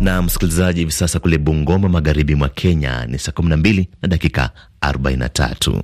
Na msikilizaji, hivi sasa kule Bungoma, magharibi mwa Kenya ni saa 12 na dakika 43.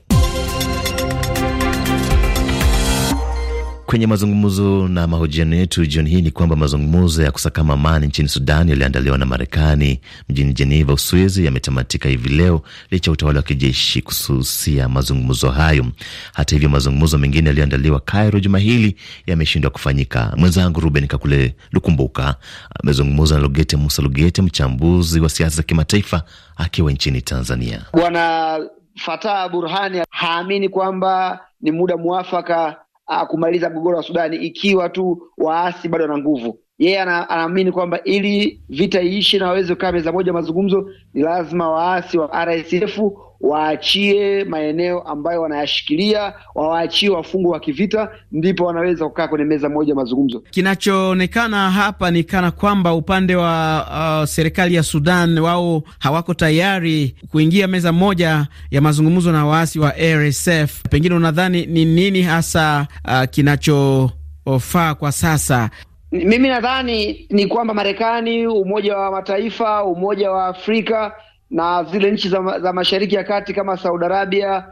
Kwenye mazungumzo na mahojiano yetu jioni hii ni kwamba mazungumzo ya kusakama amani nchini Sudan yaliyoandaliwa na Marekani mjini Jeneva, Uswizi, yametamatika hivi leo licha ya utawala wa kijeshi kususia mazungumzo hayo. Hata hivyo, mazungumzo mengine yaliyoandaliwa Cairo juma hili yameshindwa kufanyika. Mwenzangu Ruben Kakule Lukumbuka amezungumza na Lugete Musa Lugete, mchambuzi wa siasa za kimataifa akiwa nchini Tanzania. Bwana Fataa Burhani haamini kwamba ni muda mwafaka uh, kumaliza mgogoro wa Sudani ikiwa tu waasi bado wana nguvu. Yeye yeah, anaamini kwamba ili vita iishi na waweze kukaa meza moja mazungumzo, ni lazima waasi wa RSF waachie maeneo ambayo wanayashikilia, wawaachie wafungwa wa kivita, ndipo wanaweza kukaa kwenye meza moja mazungumzo. Kinachoonekana hapa ni kana kwamba upande wa uh, serikali ya Sudan wao hawako tayari kuingia meza moja ya mazungumzo na waasi wa RSF. Pengine unadhani ni nini hasa uh, kinachofaa kwa sasa? Mimi nadhani ni kwamba Marekani, Umoja wa Mataifa, Umoja wa Afrika na zile nchi za, za Mashariki ya Kati kama Saudi Arabia,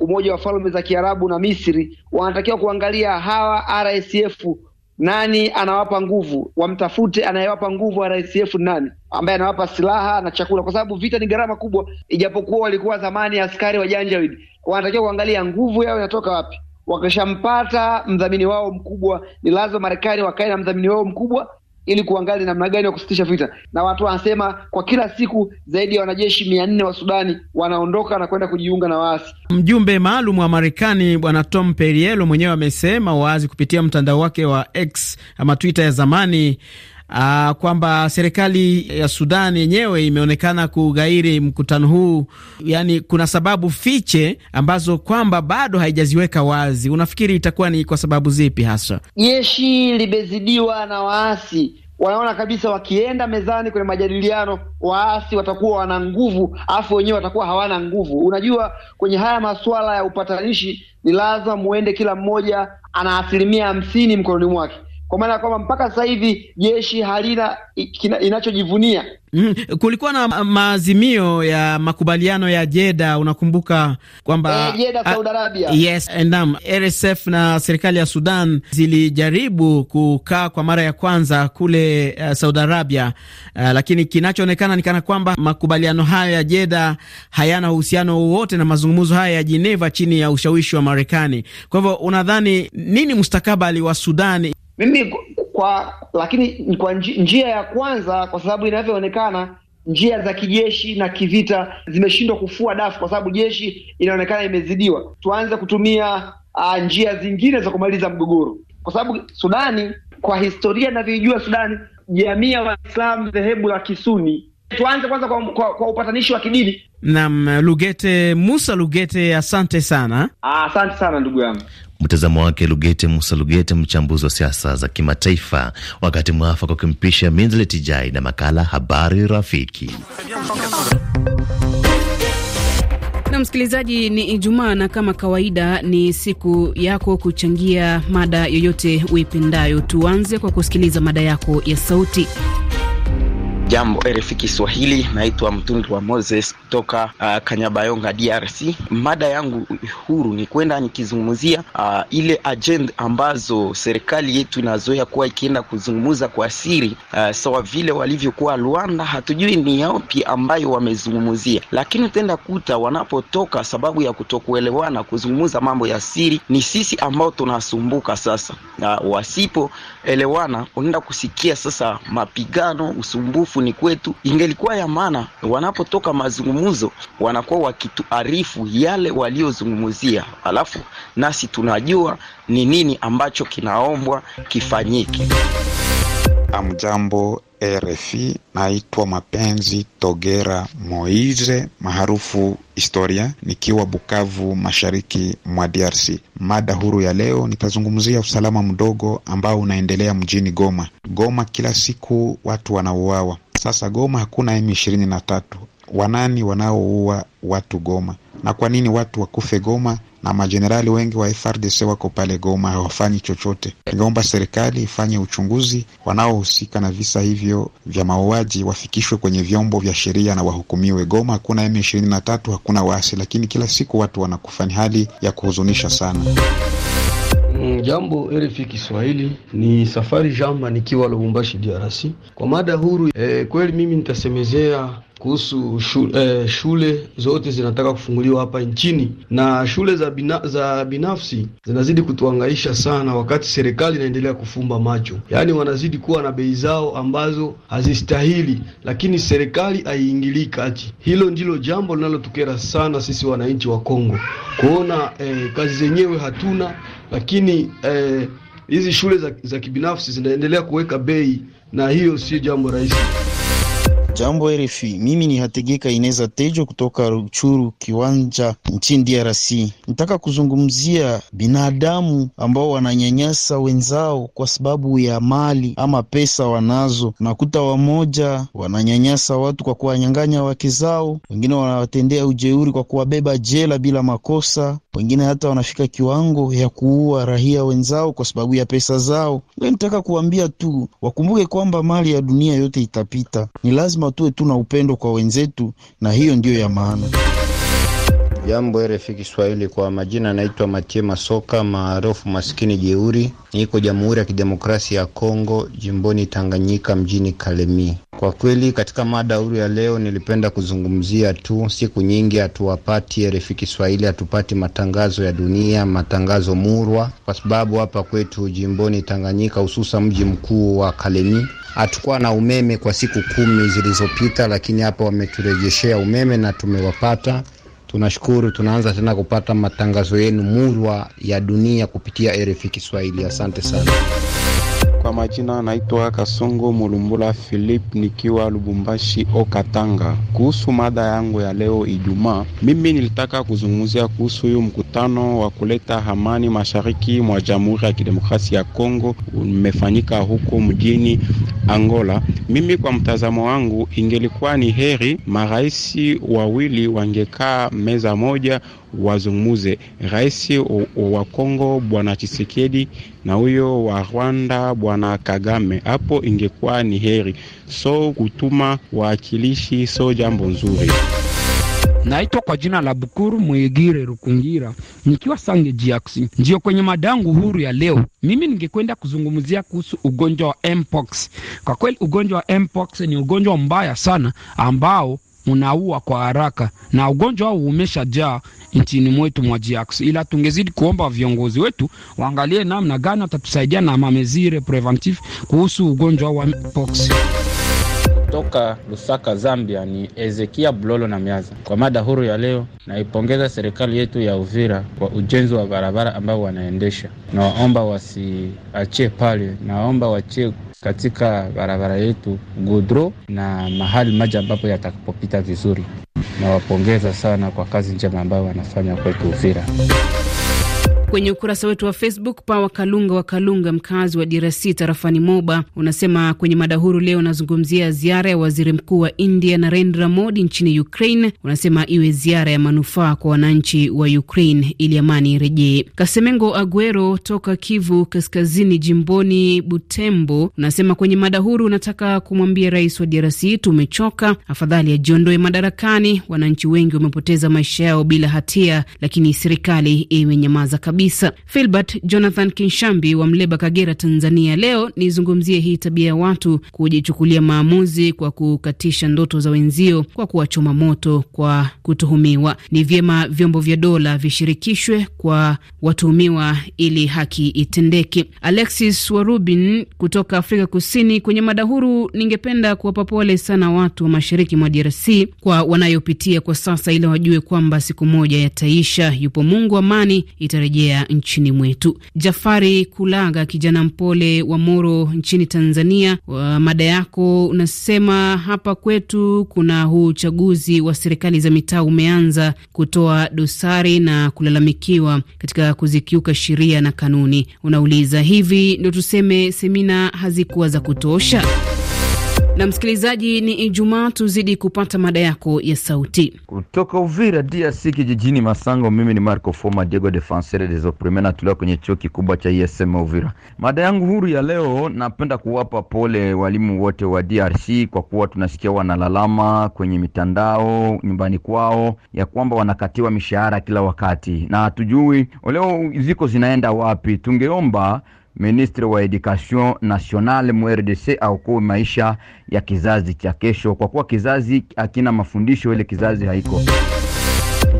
Umoja wa Falme za Kiarabu na Misri wanatakiwa kuangalia hawa RSF nani anawapa nguvu, wamtafute anayewapa nguvu RSF nani, ambaye anawapa silaha na chakula, kwa sababu vita ni gharama kubwa. Ijapokuwa walikuwa zamani askari wa Janjaweed, wanatakiwa kuangalia nguvu yao inatoka wapi. Wakishampata mdhamini wao mkubwa, ni lazima Marekani wakae na mdhamini wao mkubwa ili kuangalia namna gani ya kusitisha vita, na watu wanasema kwa kila siku zaidi ya wanajeshi mia nne wa Sudani wanaondoka na kwenda kujiunga na waasi. Mjumbe maalum wa Marekani Bwana Tom Perriello mwenyewe amesema wazi kupitia mtandao wake wa X ama Twitter ya zamani uh, kwamba serikali ya Sudan yenyewe imeonekana kughairi mkutano huu, yani kuna sababu fiche ambazo kwamba bado haijaziweka wazi. Unafikiri itakuwa ni kwa sababu zipi hasa? Jeshi limezidiwa na waasi wanaona kabisa wakienda mezani kwenye majadiliano waasi watakuwa wana nguvu, alafu wenyewe watakuwa hawana nguvu. Unajua, kwenye haya masuala ya upatanishi ni lazima muende, kila mmoja ana asilimia hamsini mkononi mwake kwa maana ya kwamba mpaka sasa hivi jeshi halina inachojivunia. Mm, kulikuwa na maazimio ya makubaliano ya Jeda, unakumbuka kwamba eh, Jeda, Saudi Arabia. Yes, eh, naam. RSF na serikali ya Sudan zilijaribu kukaa kwa mara ya kwanza kule uh, Saudi Arabia uh, lakini kinachoonekana ni kana kwamba makubaliano hayo ya Jeda hayana uhusiano wowote na mazungumzo haya ya Geneva chini ya ushawishi wa Marekani. Kwa hivyo unadhani nini mustakabali wa Sudan mimi kwa, lakini kwa njia ya kwanza, kwa sababu inavyoonekana njia za kijeshi na kivita zimeshindwa kufua dafu, kwa sababu jeshi inaonekana imezidiwa. Tuanze kutumia uh, njia zingine za kumaliza mgogoro, kwa sababu Sudani, kwa historia inavyoijua Sudani, jamii ya Waislamu dhehebu la Kisuni tuanze kwanza kwa, kwa, kwa upatanishi wa kidini. Naam, Lugete Musa Lugete, asante sana, asante sana ndugu yangu. Mtazamo wake Lugete Musa Lugete, mchambuzi wa siasa za kimataifa, wakati mwafaka ukimpisha Minzlet Jai na makala Habari Rafiki. Na msikilizaji, ni Ijumaa na kama kawaida ni siku yako kuchangia mada yoyote uipendayo. Tuanze kwa kusikiliza mada yako ya sauti. Jambo RFI Kiswahili, naitwa Mtundu wa Moses kutoka uh, Kanyabayonga, DRC. Mada yangu huru ni kwenda nikizungumzia uh, ile ajenda ambazo serikali yetu inazoea kuwa ikienda kuzungumza kwa siri uh, sawa vile walivyokuwa Rwanda, hatujui ni yapi ambayo wamezungumzia, lakini tenda kuta wanapotoka sababu ya kutokuelewana kuzungumza mambo ya siri, ni sisi ambao tunasumbuka sasa. Uh, wasipoelewana unaenda kusikia sasa mapigano, usumbufu ni kwetu, ingelikuwa ya maana. Wanapotoka mazungumzo, wanakuwa wakituarifu yale waliozungumzia, alafu nasi tunajua ni nini ambacho kinaombwa kifanyike. Amjambo RFI, naitwa Mapenzi Togera Moize maarufu Historia, nikiwa Bukavu, mashariki mwa DRC. Mada huru ya leo nitazungumzia usalama mdogo ambao unaendelea mjini Goma. Goma kila siku watu wanauawa sasa Goma hakuna M23. Wanani wanaoua watu Goma? Na kwa nini watu wakufe Goma na majenerali wengi wa FRDC wako pale Goma hawafanyi chochote? Ningeomba serikali ifanye uchunguzi, wanaohusika na visa hivyo vya mauaji wafikishwe kwenye vyombo vya sheria na wahukumiwe. Goma hakuna M23, hakuna waasi, lakini kila siku watu wanakufa. Ni hali ya kuhuzunisha sana. Mm, jambo RFI Kiswahili, ni Safari Jamba nikiwa Lubumbashi, DRC kwa mada huru. E, kweli mimi nitasemezea kuhusu shule, e, eh, shule zote zinataka kufunguliwa hapa nchini na shule za, bina, za binafsi zinazidi kutuangaisha sana, wakati serikali inaendelea kufumba macho, yaani wanazidi kuwa na bei zao ambazo hazistahili, lakini serikali haiingilii kati. Hilo ndilo jambo linalotukera sana sisi wananchi wa Kongo, kuona e, kazi zenyewe hatuna lakini eh, hizi eh, shule za, za kibinafsi zinaendelea kuweka bei na hiyo sio jambo rahisi. Jambo RFI, mimi ni Hategeka Ineza Tejo kutoka Ruchuru Kiwanja nchini DRC. Nataka kuzungumzia binadamu ambao wananyanyasa wenzao kwa sababu ya mali ama pesa wanazo. Unakuta wamoja wananyanyasa watu kwa kuwanyang'anya wake zao, wengine wanawatendea ujeuri kwa kuwabeba jela bila makosa, wengine hata wanafika kiwango ya kuua rahia wenzao kwa sababu ya pesa zao. We nitaka kuambia tu wakumbuke kwamba mali ya dunia yote itapita, ni lazima tuwe tu na upendo kwa wenzetu, na hiyo ndiyo ya maana. Jambo RFI Kiswahili, kwa majina naitwa Matie Masoka maarufu maskini jeuri, niko Jamhuri ya Kidemokrasia ya Kongo, jimboni Tanganyika, mjini Kalemi. Kwa kweli katika mada huru ya leo nilipenda kuzungumzia tu, siku nyingi hatuwapati RFI Kiswahili, hatupati matangazo ya dunia, matangazo murwa, kwa sababu hapa kwetu jimboni Tanganyika, hususan mji mkuu wa Kalemi, hatukuwa na umeme kwa siku kumi zilizopita, lakini hapa wameturejeshea umeme na tumewapata Tunashukuru, tunaanza tena kupata matangazo yenu murwa ya dunia kupitia RFI Kiswahili. Asante sana. Kwa majina naitwa Kasongo Mulumbula Philip, nikiwa Lubumbashi Okatanga. Kuhusu mada yangu ya leo Ijumaa, mimi nilitaka kuzungumzia kuhusu huyu mkutano wa kuleta amani mashariki mwa Jamhuri ya Kidemokrasia ya Kongo umefanyika huko mjini Angola. Mimi kwa mtazamo wangu, ingelikuwa ni heri maraisi wawili wangekaa meza moja wazungumuze. Rais wa Kongo bwana Chisekedi na huyo wa Rwanda bwana Kagame, hapo ingekuwa ni heri. So kutuma waakilishi so jambo nzuri. Naitwa kwa jina la Bukuru Mwegire Rukungira, nikiwa Sange Jackson. Ndio kwenye madangu huru ya leo, mimi ningekwenda kuzungumzia kuhusu ugonjwa wa mpox. Kwa kweli ugonjwa wa mpox ni ugonjwa mbaya sana ambao unaua kwa haraka na ugonjwa huu umeshajaa nchini mwetu mwa Jax, ila tungezidi kuomba viongozi wetu waangalie namna gani watatusaidia na mamezire preventive kuhusu ugonjwa wa pox. Toka Lusaka, Zambia ni Ezekia Blolo na Miaza. Kwa mada huru ya leo, naipongeza serikali yetu ya Uvira kwa ujenzi wa barabara ambao wanaendesha. Nawaomba wasiachie pale, nawaomba wachie katika barabara yetu Godro na mahali maji ambapo yatakapopita vizuri. Nawapongeza sana kwa kazi njema ambayo wanafanya kwetu Uvira. Kwenye ukurasa wetu wa Facebook, pa Wakalunga Wakalunga, mkazi wa DRC tarafani Moba, unasema kwenye mada huru leo unazungumzia ziara ya waziri mkuu wa India Narendra Modi nchini Ukraine. Unasema iwe ziara ya manufaa kwa wananchi wa Ukraine ili amani irejee. Kasemengo Aguero toka Kivu Kaskazini, jimboni Butembo, unasema kwenye mada huru unataka kumwambia rais wa DRC tumechoka, afadhali ajiondoe madarakani. Wananchi wengi wamepoteza maisha yao bila hatia, lakini serikali iwe nyamaza kabisa kabisa. Filbert Jonathan Kinshambi wa Mleba, Kagera, Tanzania. Leo nizungumzie hii tabia ya watu kujichukulia maamuzi kwa kukatisha ndoto za wenzio kwa kuwachoma moto kwa kutuhumiwa. Ni vyema vyombo vya dola vishirikishwe kwa watuhumiwa ili haki itendeke. Alexis Warubin kutoka Afrika Kusini, kwenye mada huru, ningependa kuwapa pole sana watu wa mashariki mwa DRC kwa wanayopitia kwa sasa, ili wajue kwamba siku moja yataisha. Yupo Mungu, amani itarejea kuendelea nchini mwetu. Jafari Kulaga, kijana mpole wa Moro nchini Tanzania, wa mada yako unasema hapa kwetu kuna huu uchaguzi wa serikali za mitaa umeanza kutoa dosari na kulalamikiwa katika kuzikiuka sheria na kanuni. Unauliza hivi, ndo tuseme semina hazikuwa za kutosha? Na msikilizaji, ni Ijumaa, tuzidi kupata mada yako ya sauti kutoka Uvira, DRC, kijijini Masango. Mimi ni Marco Foma Diego Defenseur des Opprimes, natuliwa kwenye chuo kikubwa cha ISM e Uvira. Mada yangu huru ya leo, napenda kuwapa pole walimu wote wa DRC kwa kuwa tunasikia wanalalama kwenye mitandao nyumbani kwao ya kwamba wanakatiwa mishahara kila wakati na hatujui leo ziko zinaenda wapi. Tungeomba ministre wa Education National MRDC aokoe maisha ya kizazi cha kesho, kwa kuwa kizazi hakina mafundisho, ile kizazi haiko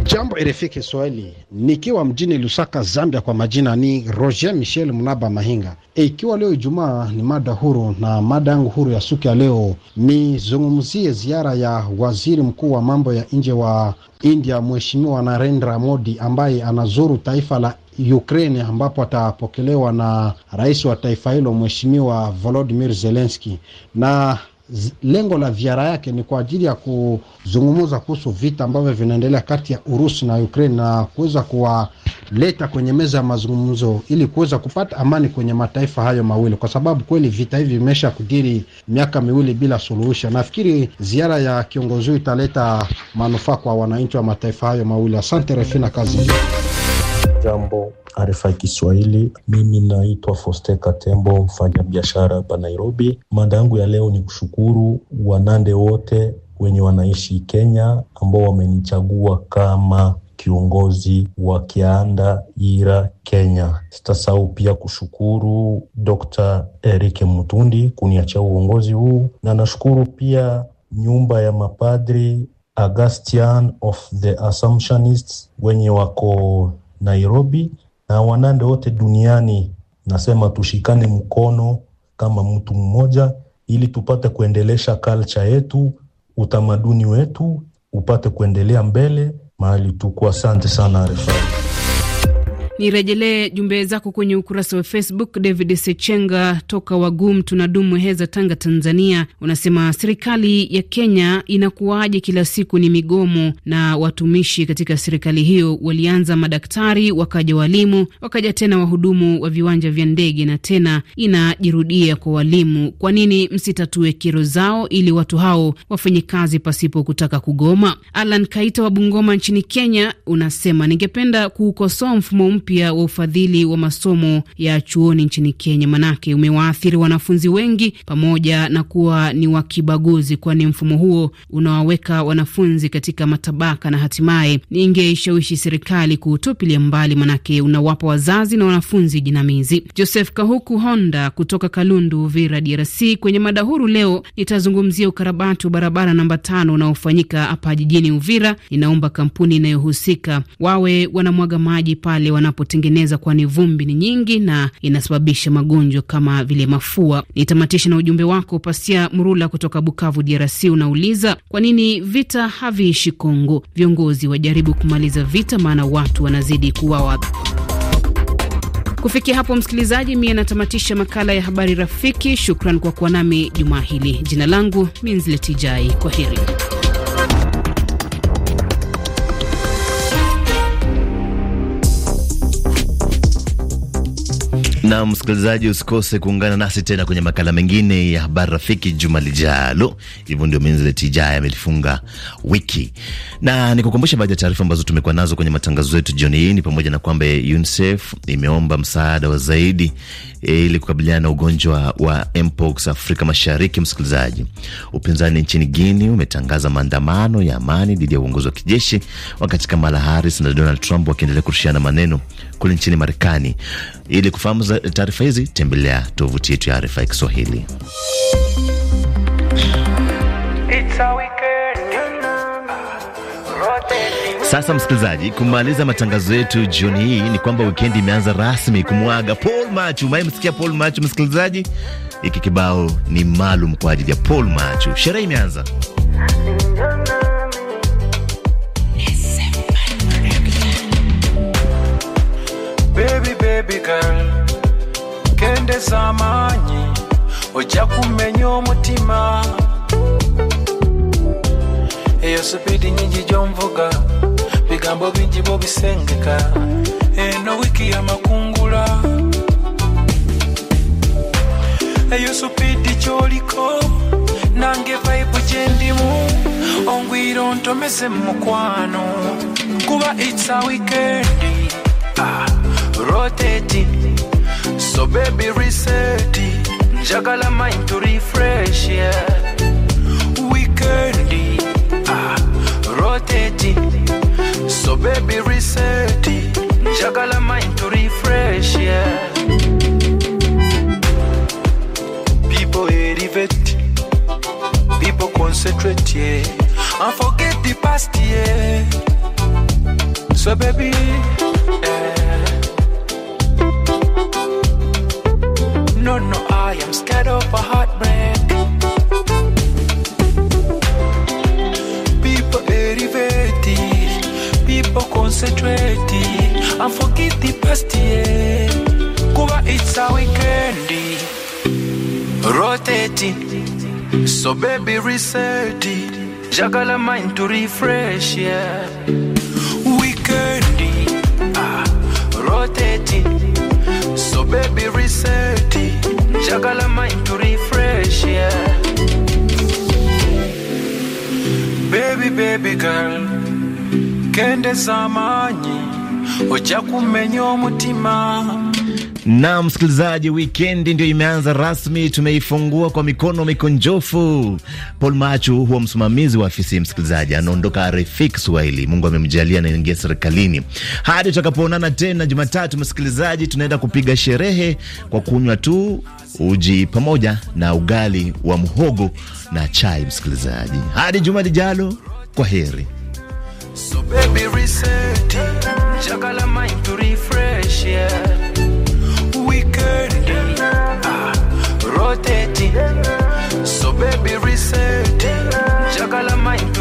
Jambo RFI Kiswahili, nikiwa mjini Lusaka, Zambia. Kwa majina ni Roger Michel Mnaba Mahinga. E, ikiwa leo Ijumaa ni mada huru, na mada yangu huru ya siku ya leo nizungumzie ziara ya waziri mkuu wa mambo ya nje wa India, Mheshimiwa Narendra Modi ambaye anazuru taifa la Ukraine ambapo atapokelewa na rais wa taifa hilo Mheshimiwa volodimir zelenski na lengo la ziara yake ni kwa ajili ya kuzungumza kuhusu vita ambavyo vinaendelea kati ya Urusi na Ukraine na kuweza kuwaleta kwenye meza ya mazungumzo ili kuweza kupata amani kwenye mataifa hayo mawili, kwa sababu kweli vita hivi vimesha kudiri miaka miwili bila suluhisho. Nafikiri ziara ya kiongozi huyu italeta manufaa kwa wananchi wa mataifa hayo mawili. Asante na kazi Jambo ya Kiswahili, mimi naitwa Foste Katembo, mfanyabiashara hapa Nairobi. Mada yangu ya leo ni kushukuru Wanande wote wenye wanaishi Kenya ambao wamenichagua kama kiongozi wa Kianda Ira Kenya. Sitasahau pia kushukuru Dr. Erike Mutundi kuniachia uongozi huu, na nashukuru pia nyumba ya mapadri Augustinian of the Assumptionists wenye wako Nairobi na wanande wote duniani, nasema tushikane mkono kama mtu mmoja, ili tupate kuendelesha culture yetu, utamaduni wetu upate kuendelea mbele mahali tuko. Asante sana RFI. Nirejelee jumbe zako kwenye ukurasa wa Facebook. David Sechenga toka Wagum tunadumu Heza, Tanga, Tanzania, unasema serikali ya Kenya inakuwaje? Kila siku ni migomo na watumishi katika serikali hiyo walianza madaktari, wakaja walimu, wakaja tena wahudumu wa viwanja vya ndege, na tena inajirudia kwa walimu. Kwa nini msitatue kero zao ili watu hao wafanye kazi pasipo kutaka kugoma? Alan Kaita wa Bungoma nchini Kenya unasema ningependa kuukosoa mfumo mpya mpya wa ufadhili wa masomo ya chuoni nchini Kenya, manake umewaathiri wanafunzi wengi, pamoja na kuwa ni wa kibaguzi, kwani mfumo huo unawaweka wanafunzi katika matabaka na hatimaye, ningeishawishi serikali kuutupilia mbali, manake unawapa wazazi na wanafunzi jinamizi. Joseph Kahuku Honda kutoka Kalundu, Uvira, DRC. Kwenye mada huru leo nitazungumzia ukarabati wa barabara namba tano unaofanyika hapa jijini Uvira. Ninaomba kampuni inayohusika wawe wanamwaga maji pale wanapo inapotengeneza, kwani vumbi ni nyingi na inasababisha magonjwa kama vile mafua. Nitamatisha na ujumbe wako Pasia Mrula kutoka Bukavu, DRC. Unauliza, kwa nini vita haviishi Kongo? Viongozi wajaribu kumaliza vita, maana watu wanazidi kuwawa Kufikia hapo msikilizaji, mie natamatisha makala ya habari rafiki. Shukran kwa kuwa nami jumaa hili. Jina langu Minzletijai, kwa heri. Na msikilizaji, usikose kuungana nasi tena kwenye makala mengine ya habari rafiki juma lijalo. Hivyo ndio Minzletijaya amelifunga wiki, na nikukumbusha baadhi ya taarifa ambazo tumekuwa nazo kwenye matangazo yetu jioni hii ni pamoja na kwamba UNICEF imeomba msaada wa zaidi e, ili kukabiliana na ugonjwa wa mpox Afrika Mashariki. Msikilizaji, upinzani nchini Guini umetangaza maandamano ya amani dhidi ya uongozi wa kijeshi, wakati Kamala Harris na Donald Trump wakiendelea kurushiana maneno kule nchini Marekani ili kufahamu taarifa hizi tembelea tovuti yetu ya RFI Kiswahili. Sasa msikilizaji, kumaliza matangazo yetu jioni hii ni kwamba wikendi imeanza rasmi kumwaga Paul Machu. Umemsikia Paul Machu msikilizaji, hiki kibao ni maalum kwa ajili ya Paul Machu. Sherehe imeanza. ojja kummenya omutima eyo supidi nyingi gyonvuga bigambo bingi bobisengeka eno wiiki yamakungula eyo supidi kyoliko nange vaibu gyendimu ongwiro ntomeze mukwano kuba itsa wikendi ah. Juggle a mind to refresh, yeah. Weekend, ah, rotating. So baby, reset it. Juggle a mind to refresh, yeah. People elevate, people concentrate, yeah. And forget the past, yeah. So baby. So baby reset it Jagala mind to refresh yeah Weekendi ah, Rotate it So baby reset it Jagala mind to refresh yeah Baby baby girl Kende zamanyi Oja kumenya omutima na msikilizaji, wikendi ndio imeanza rasmi, tumeifungua kwa mikono mikonjofu. Paul Machu huwa msimamizi wa afisi, msikilizaji anaondoka RFI Kiswahili. Mungu amemjalia anaingia serikalini. Hadi tutakapoonana tena Jumatatu, msikilizaji, tunaenda kupiga sherehe kwa kunywa tu uji pamoja na ugali wa mhogo na chai. Msikilizaji, hadi juma lijalo, kwa heri. So baby reset, rotating. So baby reset. Juggle my